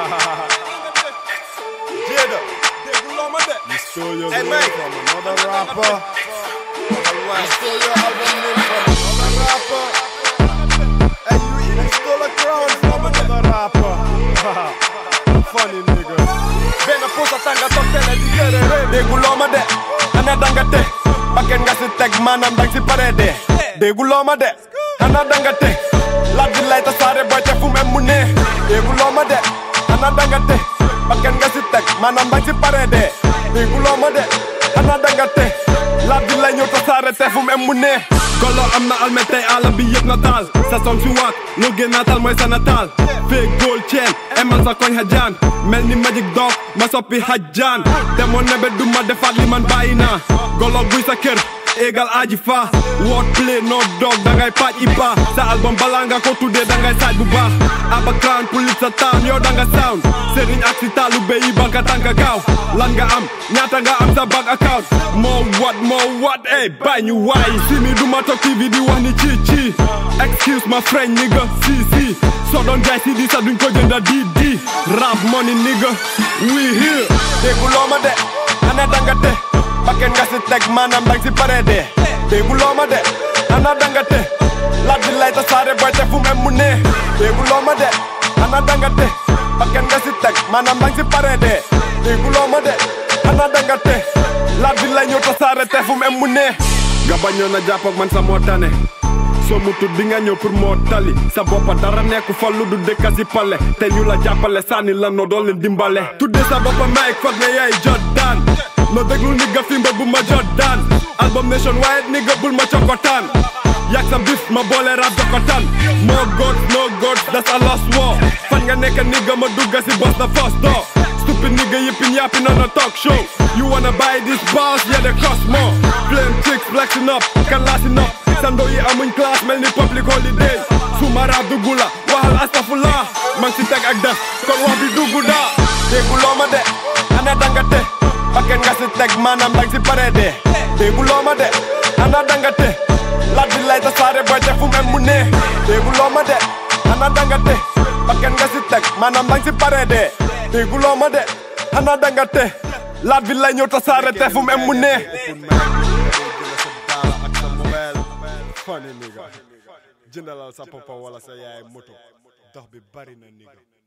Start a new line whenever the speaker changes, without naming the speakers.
Jada, you stole your hey, name from another rapper. You stole your album name from another rapper. And you even stole a crown from another rapper. Funny nigga. Bena posa tanga tokele digere Deguloma de, anadangate Baken gasi tag manam dangsi parede Deguloma de, anadangate Ladi laita sare boite fume mune Deguloma de, xanaa danga te bakkan nga si teg maanaam danga si pare de dégguloo ma de xanaa danga te laaj bi lay ñëw am na almet sa son si waat lu Natal. nataal mooy sa nataal fee góol emal sa koñ magic dog ma hajan. xajaan te moo nebe du ma defaat man bàyyi naa golo buy sa Wordplay, no dog, dangai pat ipa Sa album balanga kau tu dia dangai side bubah Aba clan pulit town, yo dangai sound Sering aksi talu bayi bangka tangga kau Lan ga am, nyata ga am sa bank account More what, more what, eh, buy new why See me do my talk TV di wah ni cici Excuse my friend nigga, CC So don't guys see this adun kau jenda DD Rap money nigga, we here Dek uloma dek, anak dangga dek Pakai kasih tag manam bang si parede They will on my deck, anadangate. Ladi laita sare bate fumemune. They will on my deck, anadangate. Pakan gasitek, manam bang si parede. They will on my deck, anadangate. Ladi laita sare te fumemune. Gabanyo na japok man sa motane. so mu tudd nga ñëw pour moo tali sa boppa dara nekku fa lu du dëkka si pale te ñu la jàppale sànni la no doo leen dimbale tudde sa boppa maay foog ne yaay jot daan ma déglu ni ga fi ma jot Album nationwide, nigga bul ma cokkotaan Yak some beef, my baller rap jokkotaan No góot no góot that's a lost war Fanga nga nekk nigga ma dugga si boss first door stupid nigga yippin yappin on a talk show you wanna buy this bars yeah they cost more flame chicks flexing up can last enough. sando i amuñ in mel ni public holidays su ma rap duggu la waxal astafurlah mang si teg ak kon wax bi duggu daa déggu Paket kaset tag mana dang si parede dégguloo ma de ana danga te laaj lay tasaare boy te fu mel mu ne dégguloo ma de ana dangate Pakai paket nga si teg maanaam dang si parede dégguloo ma de ana dangate La di bi lay ñëw tasaare te fu mel mu ne funny nigga jëndalal sa papa wala sa yaay moto dox bi bari na nigga